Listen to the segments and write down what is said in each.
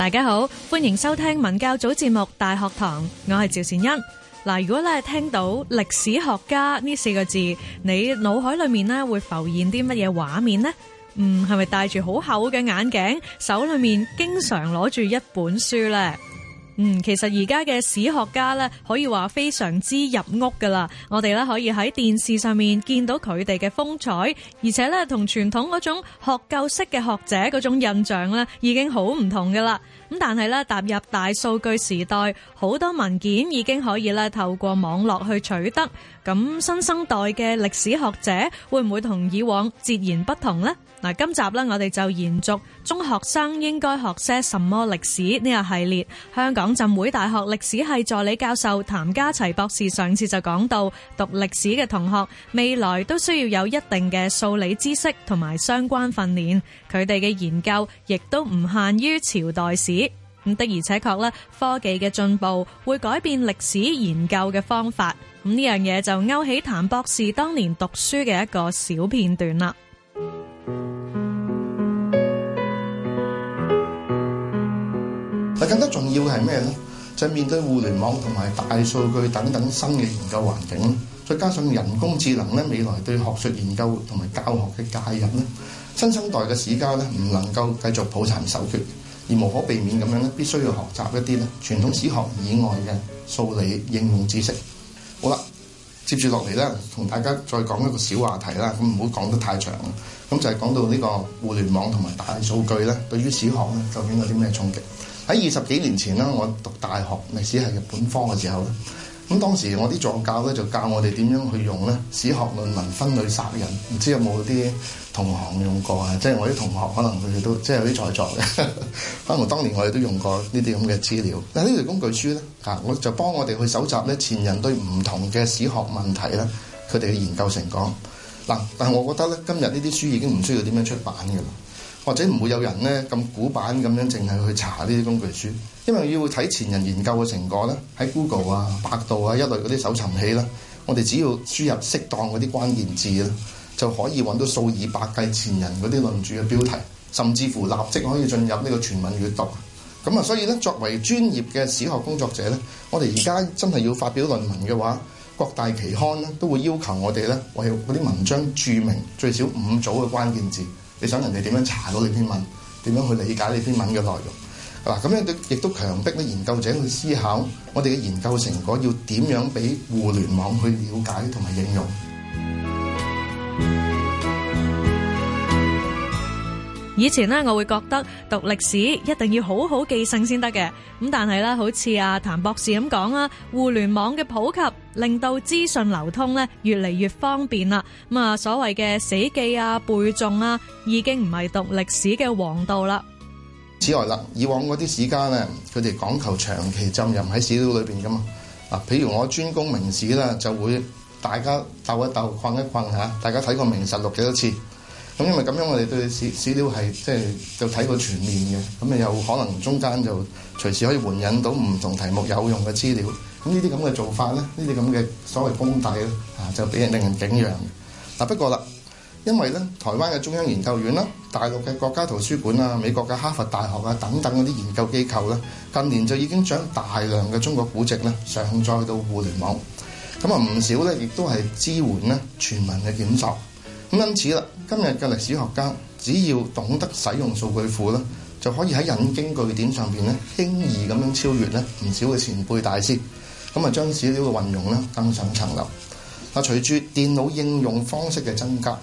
大家好，歡迎收聽文教組節目《大學堂》，我係趙善欣。嗱，如果咧聽到歷史學家呢四個字，你腦海裏面咧會浮現啲乜嘢畫面呢？嗯，係咪戴住好厚嘅眼鏡，手裏面經常攞住一本書呢？嗯，其實而家嘅史學家咧，可以話非常之入屋㗎喇。我哋咧可以喺電視上面見到佢哋嘅風采，而且咧同傳統嗰種學究式嘅學者嗰種印象咧，已經好唔同㗎喇。咁但係咧，踏入大數據時代，好多文件已經可以咧透過網絡去取得。咁新生代嘅歷史學者會唔會同以往截然不同咧？嗱，今集咧我哋就延續中學生應該學些什麼歷史呢個系列。香港浸會大學歷史系助理教授譚家齊博士上次就講到，讀歷史嘅同學未來都需要有一定嘅數理知識同埋相關訓練，佢哋嘅研究亦都唔限於朝代史。咁的而且確咧，科技嘅進步會改變歷史研究嘅方法。咁呢樣嘢就勾起譚博士當年讀書嘅一個小片段啦。但更加重要嘅係咩咧？就是、面對互聯網同埋大數據等等新嘅研究環境，再加上人工智能咧，未來對學術研究同埋教學嘅介入咧，新生代嘅史家咧唔能夠繼續抱殘守缺。而無可避免咁樣咧，必須要學習一啲咧傳統史學以外嘅數理應用知識。好啦，接住落嚟咧，同大家再講一個小話題啦。咁唔好講得太長啦。咁就係、是、講到呢個互聯網同埋大數據咧，對於史學咧，究竟的有啲咩衝擊？喺二十幾年前咧，我讀大學歷史系，咪即係本科嘅時候咧。咁當時我啲助教咧就教我哋點樣去用咧，史學論文分類索引，唔知有冇啲同行用過啊？即係我啲同學可能佢哋都即係有啲在做嘅，可能當年我哋都用過呢啲咁嘅資料。嗱，呢條工具書咧，啊，我就幫我哋去搜集咧前人對唔同嘅史學問題咧，佢哋嘅研究成果。嗱、啊，但係我覺得咧，今日呢啲書已經唔需要點樣出版嘅啦，或者唔會有人咧咁古板咁樣淨係去查呢啲工具書。因為要睇前人研究嘅成果咧，喺 Google 啊、百度啊一類嗰啲搜尋器咧，我哋只要輸入適當嗰啲關鍵字咧，就可以揾到數以百計前人嗰啲論著嘅標題，甚至乎立即可以進入呢個全文閱讀。咁啊，所以咧，作為專業嘅史學工作者咧，我哋而家真係要發表論文嘅話，各大期刊咧都會要求我哋咧為嗰啲文章注明最少五組嘅關鍵字。你想人哋點樣查到你篇文？點樣去理解你篇文嘅內容？嗱，咁樣亦都強迫咧研究者去思考，我哋嘅研究成果要點樣俾互聯網去了解同埋應用。以前呢，我會覺得讀歷史一定要好好記性先得嘅，咁但係咧，好似阿、啊、譚博士咁講啊，互聯網嘅普及令到資訊流通咧越嚟越方便啦，咁啊所謂嘅死記啊背誦啊已經唔係讀歷史嘅王道啦。此外啦，以往嗰啲史家咧，佢哋講求長期浸淫喺史料裏邊噶嘛。啊，譬如我專攻明史啦，就會大家鬥一鬥、逛一逛吓。大家睇過《明實錄》幾多次？咁、嗯、因為咁樣，我哋對史史料係即係就睇過全面嘅。咁、嗯、啊，又可能中間就隨時可以援引到唔同題目有用嘅資料。咁呢啲咁嘅做法咧，呢啲咁嘅所謂功底咧，啊，就俾人令人景仰。嗱、啊，不過啦。因為咧，台灣嘅中央研究院啦、大陸嘅國家圖書館啊、美國嘅哈佛大學啊等等嗰啲研究機構咧，近年就已經將大量嘅中國古籍咧上載到互聯網，咁啊唔少呢，亦都係支援咧全民嘅檢索。咁因此啦，今日嘅歷史學家只要懂得使用數據庫咧，就可以喺引經據典上面咧輕易咁樣超越咧唔少嘅前輩大師，咁啊將史料嘅運用咧登上層樓。啊，隨住電腦應用方式嘅增加。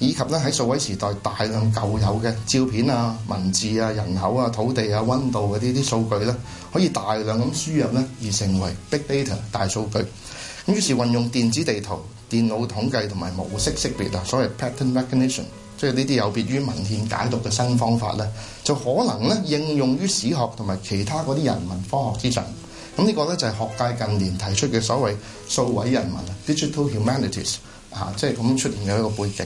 以及咧喺數位時代大量舊有嘅照片啊、文字啊、人口啊、土地啊、溫度嗰啲啲數據咧，可以大量咁輸入咧，而成為 big data 大數據。咁於是運用電子地圖、電腦統計同埋模式識別啊，所謂 pattern recognition，即係呢啲有別於文獻解讀嘅新方法咧，就可能咧應用於史學同埋其他嗰啲人文科學之上。咁呢個咧就係學界近年提出嘅所謂數位人文 （digital humanities） 啊，即係咁出現嘅一個背景。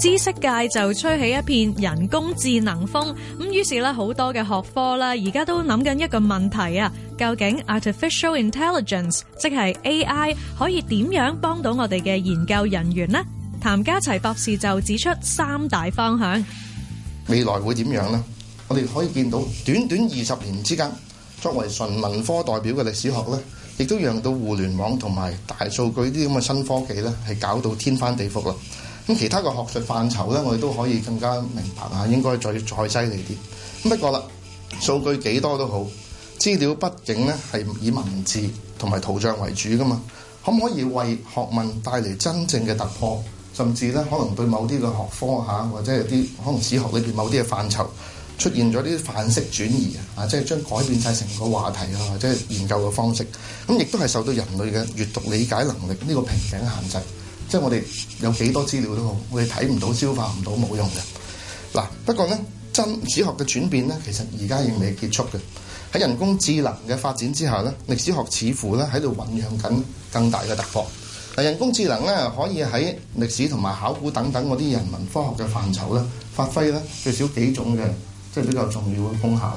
知識界就吹起一片人工智能風，咁於是咧好多嘅學科咧，而家都諗緊一個問題啊：究竟 Artificial Intelligence，即係 AI，可以點樣幫到我哋嘅研究人員呢？譚家齊博士就指出三大方向。未來會點樣呢？我哋可以見到短短二十年之間，作為純文科代表嘅歷史學呢。亦都讓到互聯網同埋大數據啲咁嘅新科技咧，係搞到天翻地覆啦。咁其他嘅學術範疇咧，我哋都可以更加明白下應該再再犀利啲。不過啦，數據幾多都好，資料畢竟咧係以文字同埋圖像為主噶嘛，可唔可以為學問帶嚟真正嘅突破，甚至咧可能對某啲嘅學科吓或者係啲可能史學裏邊某啲嘅範疇？出現咗啲範式轉移啊，即係將改變晒成個話題啊，或者係研究嘅方式，咁、啊、亦都係受到人類嘅閱讀理解能力呢、這個瓶頸嘅限制。啊、即係我哋有幾多資料都好，我哋睇唔到、消化唔到冇用嘅。嗱、啊，不過呢，真史學嘅轉變呢，其實而家仍未結束嘅。喺人工智能嘅發展之下呢，歷史學似乎呢喺度醖釀緊更大嘅突破。嗱、啊，人工智能呢，可以喺歷史同埋考古等等嗰啲人文科學嘅範疇呢發揮呢最少幾種嘅。即係比較重要嘅功效。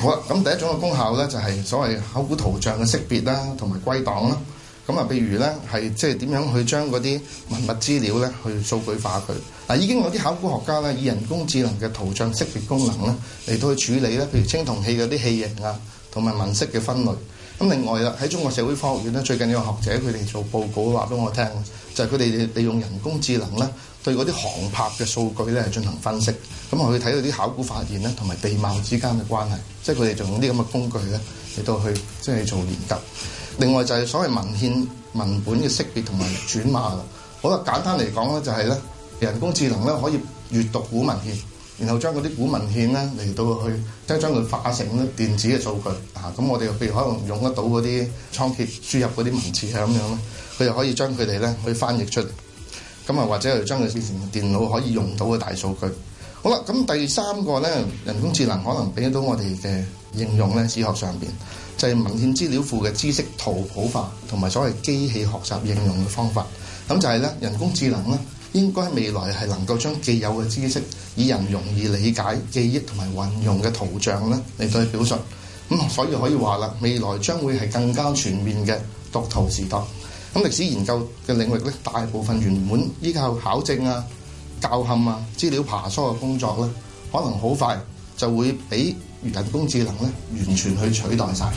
好啦，咁第一種嘅功效咧，就係所謂考古圖像嘅識別啦，同埋歸檔啦。咁啊，譬如咧，係即係點樣去將嗰啲文物資料咧，去數據化佢。嗱，已經有啲考古學家咧，以人工智能嘅圖像識別功能咧，嚟到去處理咧，譬如青銅器嗰啲器型啊，同埋紋飾嘅分類。咁另外啦，喺中國社會科學院咧，最近有學者佢哋做報告話俾我聽，就係佢哋利用人工智能咧。對嗰啲航拍嘅數據咧進行分析，咁我哋睇到啲考古發現咧同埋地貌之間嘅關係，即係佢哋用啲咁嘅工具咧嚟到去即係做研究。另外就係所謂文獻文本嘅識別同埋轉碼啦。好啊，簡單嚟講咧就係咧，人工智能咧可以閲讀古文獻，然後將嗰啲古文獻咧嚟到去即係將佢化成電子嘅數據啊。咁我哋譬如可能用得到嗰啲倉頡輸入嗰啲文字係咁樣咧，佢就可以將佢哋咧去翻譯出嚟。咁啊，或者係將佢變成電腦可以用到嘅大數據好。好啦，咁第三個呢，人工智能可能俾到我哋嘅應用呢，史學上邊就係、是、文獻資料庫嘅知識圖譜化，同埋所謂機器學習應用嘅方法。咁就係呢，人工智能呢應該未來係能夠將既有嘅知識以人容易理解、記憶同埋運用嘅圖像呢嚟到表述。咁、嗯、所以可以話啦，未來將會係更加全面嘅讀圖時代。咁歷史研究嘅領域，大部分原本依靠考證啊、校勘啊、資料爬梳嘅工作，可能好快就會俾人工智能完全去取代曬。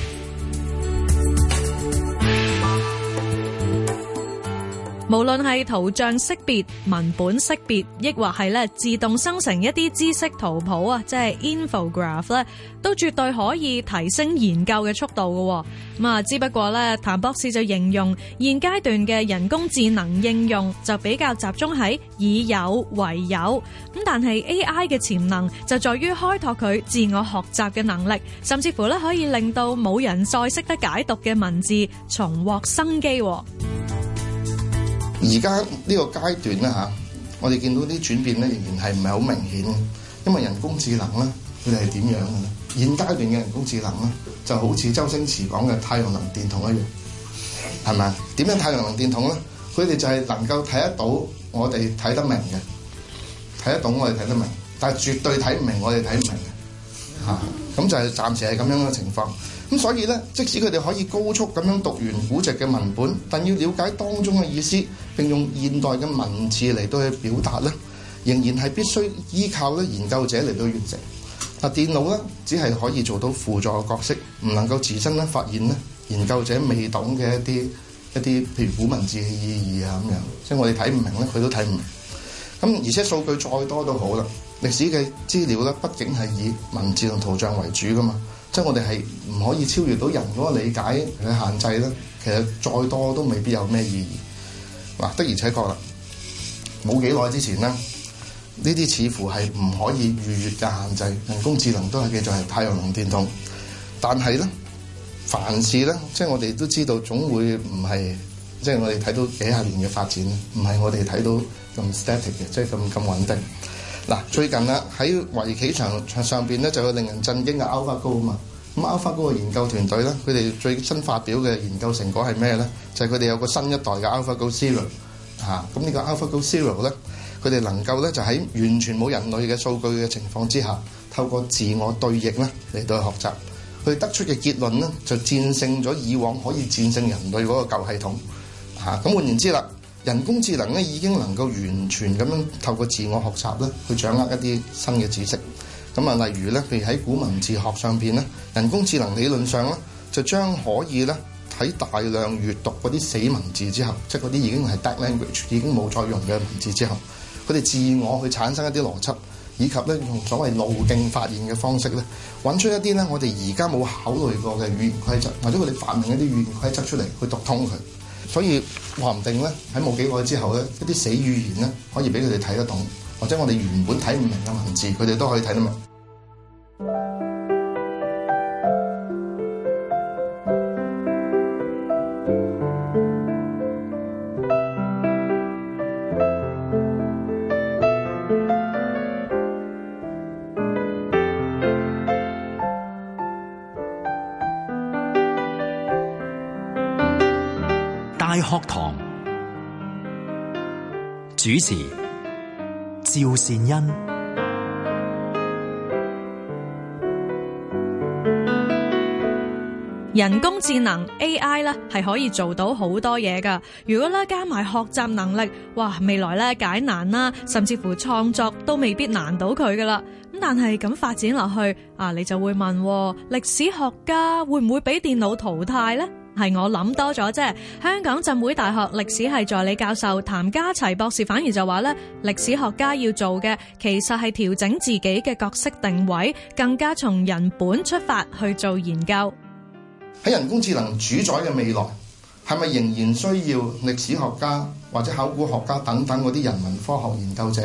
無論係圖像識別、文本識別，亦或係咧自動生成一啲知識圖譜啊，即係 infograph 咧，都絕對可以提升研究嘅速度嘅。咁啊，只不過咧，譚博士就形容現階段嘅人工智能應用就比較集中喺以有為有，咁但係 AI 嘅潛能就在於開拓佢自我學習嘅能力，甚至乎咧可以令到冇人再識得解讀嘅文字重獲生機。而家呢個階段呢，我哋見到啲轉變呢，仍然係唔係好明顯？因為人工智能呢，佢哋係點樣嘅？現階段嘅人工智能呢，就好似周星馳講嘅太陽能電筒一樣，係咪啊？點樣太陽能電筒呢？佢哋就係能夠睇得到我哋睇得明嘅，睇得懂我哋睇得明，但係絕對睇唔明我哋睇唔明嘅嚇。咁、啊、就係暫時係咁樣嘅情況。咁所以呢，即使佢哋可以高速咁樣讀完古籍嘅文本，但要了解當中嘅意思，並用現代嘅文字嚟到去表達咧，仍然係必須依靠咧研究者嚟到完成。嗱，電腦咧只係可以做到輔助嘅角色，唔能夠自身咧發現咧研究者未懂嘅一啲一啲，譬如古文字嘅意義啊咁樣。即係我哋睇唔明咧，佢都睇唔明。咁而且數據再多都好啦，歷史嘅資料咧，畢竟係以文字同圖像為主㗎嘛。即係我哋係唔可以超越到人嗰個理解嘅限制咧。其實再多都未必有咩意義。嗱，的而且確啦，冇幾耐之前咧，呢啲似乎係唔可以逾越嘅限制。人工智能都係叫做係太陽能電筒，但係咧，凡事咧，即係我哋都知道，總會唔係即係我哋睇到幾廿年嘅發展，唔係我哋睇到咁 static 嘅，即係咁咁穩定。嗱，最近啊喺圍棋場上邊咧，就有令人震驚嘅 Alpha Go 啊嘛。咁 Alpha 嗰個研究團隊呢，佢哋最新發表嘅研究成果係咩呢？就係佢哋有個新一代嘅 AlphaGo Zero，嚇、啊！咁呢個 AlphaGo Zero 呢，佢哋能夠呢，就喺完全冇人類嘅數據嘅情況之下，透過自我對應呢嚟到去學習。佢得出嘅結論呢，就戰勝咗以往可以戰勝人類嗰個舊系統，嚇、啊！咁換言之啦，人工智能咧已經能夠完全咁樣透過自我學習呢，去掌握一啲新嘅知識。咁啊，例如咧，譬如喺古文字學上邊咧，人工智能理論上咧，就將可以咧喺大量閲讀嗰啲死文字之後，即係嗰啲已經係 dead language 已經冇再用嘅文字之後，佢哋自我去產生一啲邏輯，以及咧用所謂路徑發現嘅方式咧，揾出一啲咧我哋而家冇考慮過嘅語言規則，或者佢哋發明一啲語言規則出嚟去讀通佢，所以話唔定咧喺冇幾耐之後咧，一啲死語言咧可以俾佢哋睇得懂。或者我哋原本睇唔明嘅文字，佢哋都可以睇啦嘛。大學堂主持。趙善恩，人工智能 AI 咧係可以做到好多嘢噶。如果咧加埋學習能力，哇，未來咧解難啦，甚至乎創作都未必難到佢噶啦。咁但係咁發展落去啊，你就會問歷史學家會唔會俾電腦淘汰咧？係我諗多咗啫。香港浸會大學歷史系助理教授譚家齊博士反而就話咧：歷史學家要做嘅，其實係調整自己嘅角色定位，更加從人本出發去做研究。喺人工智能主宰嘅未來，係咪仍然需要歷史學家或者考古學家等等嗰啲人文科學研究者？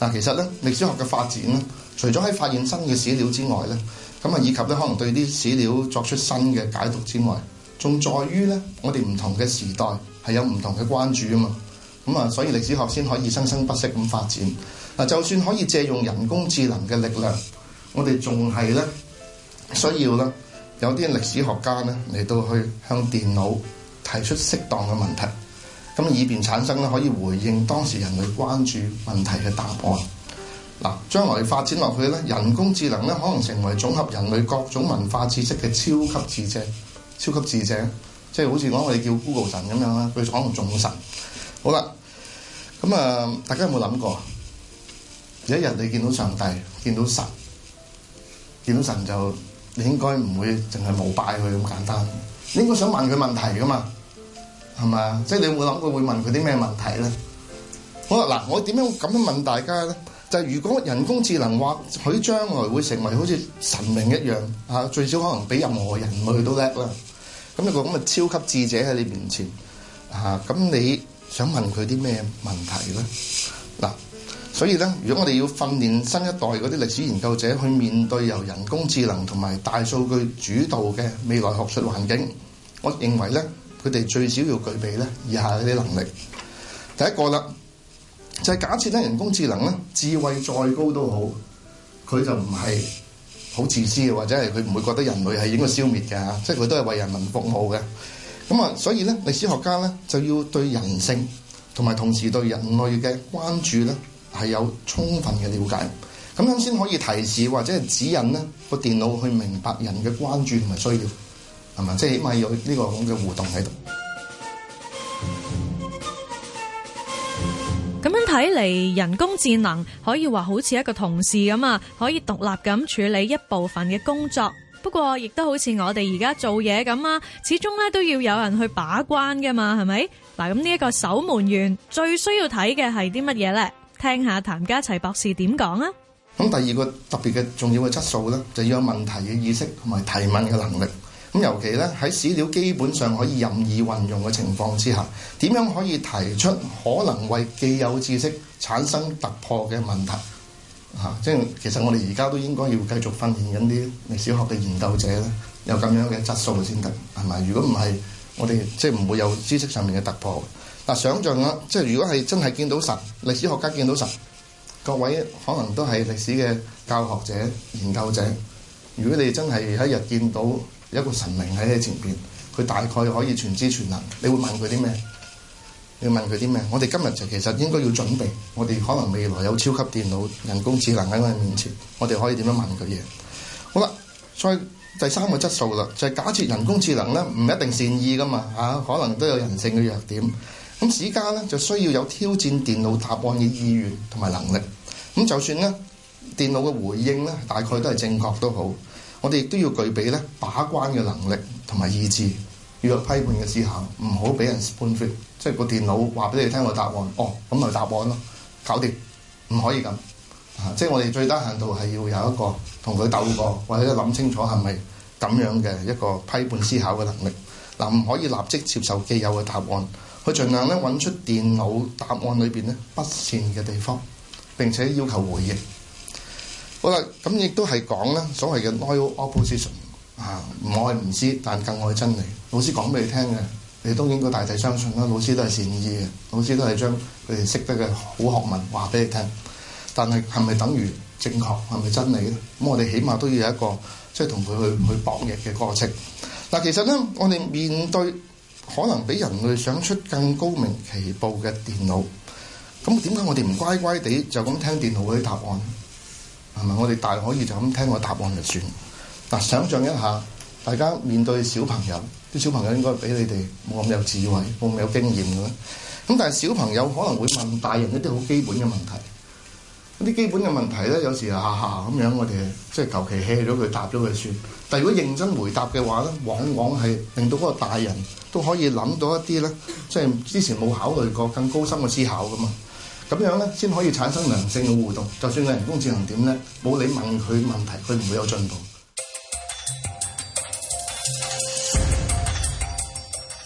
嗱，其實咧，歷史學嘅發展咧，除咗喺發現新嘅史料之外咧，咁啊，以及咧，可能對啲史料作出新嘅解讀之外。仲在於咧，我哋唔同嘅時代係有唔同嘅關注啊嘛，咁啊，所以歷史學先可以生生不息咁發展。就算可以借用人工智能嘅力量，我哋仲係咧需要咧有啲歷史學家咧嚟到去向電腦提出適當嘅問題，咁以便產生可以回應當時人類關注問題嘅答案嗱。將來發展落去咧，人工智能咧可能成為綜合人類各種文化知識嘅超級智者。超級智者，即係好似講我哋叫 Google 神咁樣啦，佢可能眾神。好啦，咁啊、呃，大家有冇諗過？有一日你見到上帝，見到神，見到神就你應該唔會淨係膜拜佢咁簡單，你應該想問佢問題噶嘛？係咪？即係你有冇諗過會問佢啲咩問題咧？好啦，嗱，我點樣咁樣問大家咧？就如果人工智能或許將來會成為好似神明一樣，嚇最少可能比任何人類都叻啦。咁一個咁嘅超級智者喺你面前，嚇、啊、咁你想問佢啲咩問題咧？嗱、啊，所以咧，如果我哋要訓練新一代嗰啲歷史研究者去面對由人工智能同埋大數據主導嘅未來學術環境，我認為咧，佢哋最少要具備咧以下嗰啲能力。第一個啦。就係假設咧，人工智能咧智慧再高都好，佢就唔係好自私嘅，或者係佢唔會覺得人類係應該消滅嘅，即係佢都係為人民服務嘅。咁啊，所以咧，歷史學家咧就要對人性同埋同時對人類嘅關注咧係有充分嘅了解，咁樣先可以提示或者指引呢個電腦去明白人嘅關注同埋需要，係咪？即係起碼有呢個咁嘅互動喺度。咁樣睇嚟，人工智能可以話好似一個同事咁啊，可以獨立咁處理一部分嘅工作。不過亦都好似我哋而家做嘢咁啊，始終咧都要有人去把關噶嘛，係咪？嗱，咁呢一個守門員最需要睇嘅係啲乜嘢咧？聽下譚家齊博士點講啊！咁第二個特別嘅重要嘅質素咧，就要有問題嘅意識同埋提問嘅能力。尤其呢，喺史料基本上可以任意運用嘅情況之下，點樣可以提出可能為既有知識產生突破嘅問題？嚇、啊，即其實我哋而家都應該要繼續訓練緊啲歷史學嘅研究者咧，有咁樣嘅質素先得，係咪？如果唔係，我哋即係唔會有知識上面嘅突破的。但想像啦，即係如果係真係見到神，歷史學家見到神，各位可能都係歷史嘅教學者、研究者。如果你真係一日見到，一個神明喺你前邊，佢大概可以全知全能。你會問佢啲咩？你問佢啲咩？我哋今日就其實應該要準備，我哋可能未來有超級電腦、人工智能喺我哋面前，我哋可以點樣問佢嘢？好啦，再第三個質素啦，就係假設人工智能咧唔一定善意噶嘛，嚇，可能都有人性嘅弱點。咁之家咧就需要有挑戰電腦答案嘅意願同埋能力。咁就算咧電腦嘅回應咧大概都係正確都好。我哋亦都要具備咧把關嘅能力同埋意志，要有批判嘅思考，唔好俾人 spoon feed，即係個電腦話俾你聽個答案，哦，咁咪答案咯，搞掂，唔可以咁。啊，即係我哋最低限度係要有一個同佢鬥過，或者諗清楚係咪咁樣嘅一個批判思考嘅能力。嗱、啊，唔可以立即接受既有嘅答案，去儘量咧揾出電腦答案裏邊咧不善嘅地方，並且要求回應。好啦，咁亦都係講啦。所謂嘅 loyal opposition 啊！唔愛唔知，但更愛真理。老師講俾你聽嘅，你都應該大體相信啦。老師都係善意嘅，老師都係將佢哋識得嘅好學問話俾你聽。但係係咪等於正確？係咪真理咧？咁我哋起碼都要有一個即係同佢去去博弈嘅過程。嗱，其實咧，我哋面對可能比人類想出更高明棋步嘅電腦，咁點解我哋唔乖乖地就咁聽電腦嗰啲答案？係咪我哋大可以就咁聽我答案就算？但想象一下，大家面對小朋友，啲小朋友應該俾你哋冇咁有智慧，冇咁有，有經驗嘅。咁但係小朋友可能會問大人一啲好基本嘅問題，啲基本嘅問題咧，有時下下咁樣，我哋即係求其 hea 咗佢答咗佢算。但係如果認真回答嘅話咧，往往係令到嗰個大人都可以諗到一啲咧，即係什麼 之前冇考慮過更高深嘅思考噶嘛。咁樣咧，先可以產生良性嘅互動。就算係人工智能點咧，冇你問佢問題，佢唔會有進步。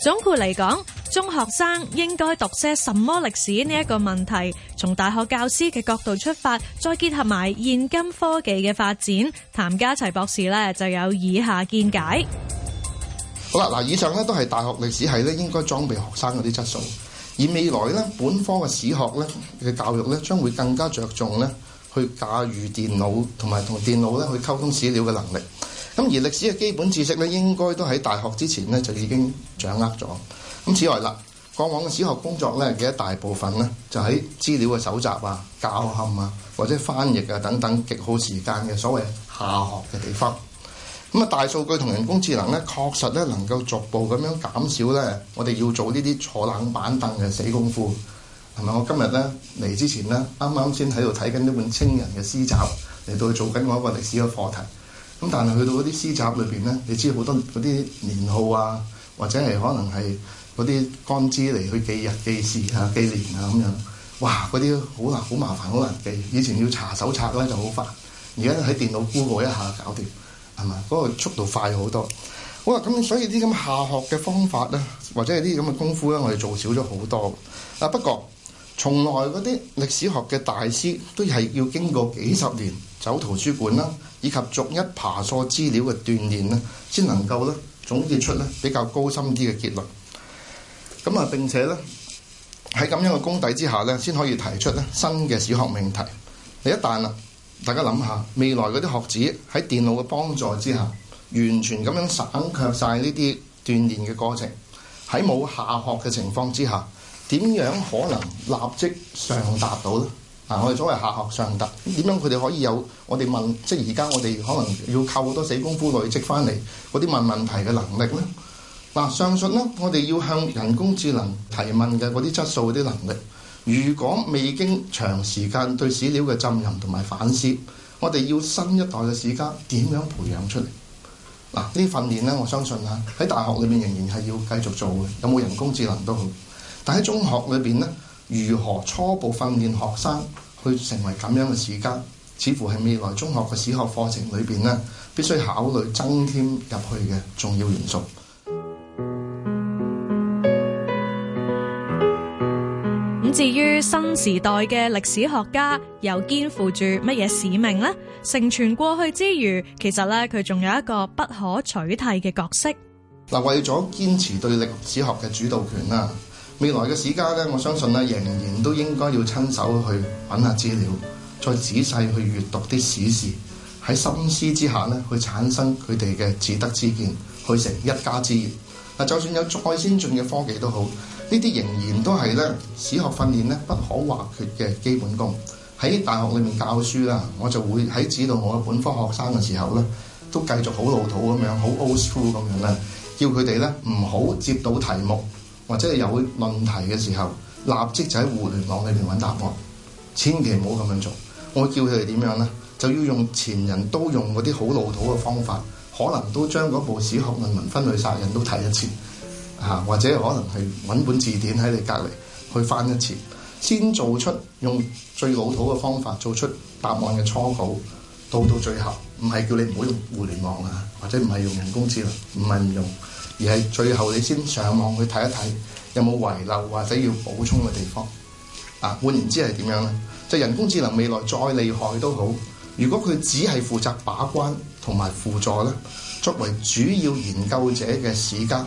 總括嚟講，中學生應該讀些什麼歷史呢一個問題，從大學教師嘅角度出發，再結合埋現今科技嘅發展，譚家齊博士咧就有以下見解。好啦，嗱，以上咧都係大學歷史系咧應該裝備學生嗰啲質素。而未來咧，本科嘅史學咧嘅教育咧，將會更加着重咧去駕馭電腦同埋同電腦咧去溝通史料嘅能力。而歷史嘅基本知識咧，應該都喺大學之前咧就已經掌握咗。此外啦，過往嘅史學工作咧嘅一大部分咧，就喺資料嘅搜集啊、校勘啊或者翻譯啊等等極耗時間嘅所謂下學嘅地方。咁啊，大數據同人工智能咧，確實咧能夠逐步咁樣減少咧，我哋要做呢啲坐冷板凳嘅死功夫。係咪？我今日咧嚟之前咧，啱啱先喺度睇緊呢本清人嘅詩集，嚟到做緊我一個歷史嘅課題。咁但係去到嗰啲詩集裏邊咧，你知好多嗰啲年號啊，或者係可能係嗰啲干支嚟去記日、記時啊、記年啊咁樣。哇！嗰啲好難、好麻煩、好難記。以前要查手冊咧就好煩，而家喺電腦估 o 一下搞掂。係咪？嗰個速度快好多。哇！咁所以啲咁下學嘅方法咧，或者係啲咁嘅功夫咧，我哋做少咗好多。啊不過，從來嗰啲歷史學嘅大師都係要經過幾十年走圖書館啦，以及逐一爬梳資料嘅鍛鍊咧，先能夠咧總結出咧比較高深啲嘅結論。咁啊、嗯，並且咧喺咁樣嘅功底之下咧，先可以提出咧新嘅史學命題。你一旦啊～大家諗下，未來嗰啲學子喺電腦嘅幫助之下，完全咁樣省卻晒呢啲鍛鍊嘅過程，喺冇下學嘅情況之下，點樣可能立即上達到呢？嗱、啊，我哋所謂下學上達，點樣佢哋可以有我哋問，即係而家我哋可能要靠好多死功夫累積翻嚟嗰啲問問題嘅能力呢？嗱、啊，上述呢，我哋要向人工智能提問嘅嗰啲質素嘅能力。如果未經長時間對史料嘅浸淫同埋反思，我哋要新一代嘅史家點樣培養出嚟？嗱，呢啲訓練咧，我相信啊，喺大學裏面仍然係要繼續做嘅，有冇人工智能都好。但喺中學裏邊咧，如何初步訓練學生去成為咁樣嘅史家，似乎係未來中學嘅史學課程裏邊咧，必須考慮增添入去嘅重要元素。咁至於新時代嘅歷史學家又肩負住乜嘢使命呢？承傳過去之餘，其實咧佢仲有一個不可取替嘅角色。嗱，為咗堅持對歷史學嘅主導權啊，未來嘅史家咧，我相信咧仍然都應該要親手去揾下資料，再仔細去閱讀啲史事，喺深思之下咧去產生佢哋嘅自得之見，去成一家之言。嗱，就算有再先進嘅科技都好。呢啲仍然都係咧史學訓練咧不可或缺嘅基本功。喺大學裏面教書啦，我就會喺指導我嘅本科學生嘅時候咧，都繼續好老土咁樣，好 old school 咁樣咧，叫佢哋咧唔好接到題目或者係有問題嘅時候，立即就喺互聯網裏面揾答案。千祈唔好咁樣做。我叫佢哋點樣咧，就要用前人都用嗰啲好老土嘅方法，可能都將嗰部《史學論文分類殺人》都睇一次。或者可能係揾本字典喺你隔籬去翻一次，先做出用最老土嘅方法做出答案嘅初稿。到到最後，唔係叫你唔好用互聯網啊，或者唔係用人工智能，唔係唔用，而係最後你先上網去睇一睇，有冇遺漏或者要補充嘅地方。啊，換言之係點樣呢？就人工智能未來再厲害都好，如果佢只係負責把關同埋輔助呢，作為主要研究者嘅時間。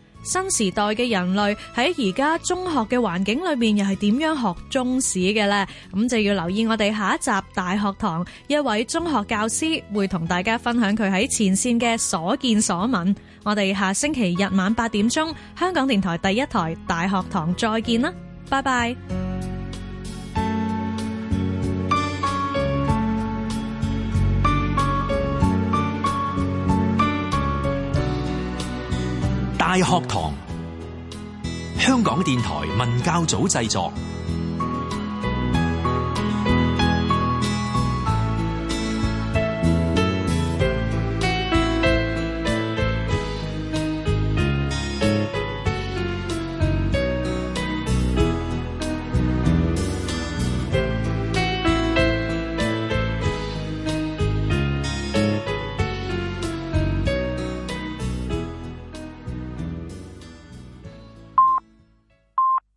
新時代嘅人類喺而家中學嘅環境裏面，又係點樣學中史嘅呢？咁就要留意我哋下一集《大學堂》，一位中學教師會同大家分享佢喺前線嘅所見所聞。我哋下星期日晚八點鐘，香港電台第一台《大學堂》，再見啦，拜拜。大學堂，香港電台文教組製作。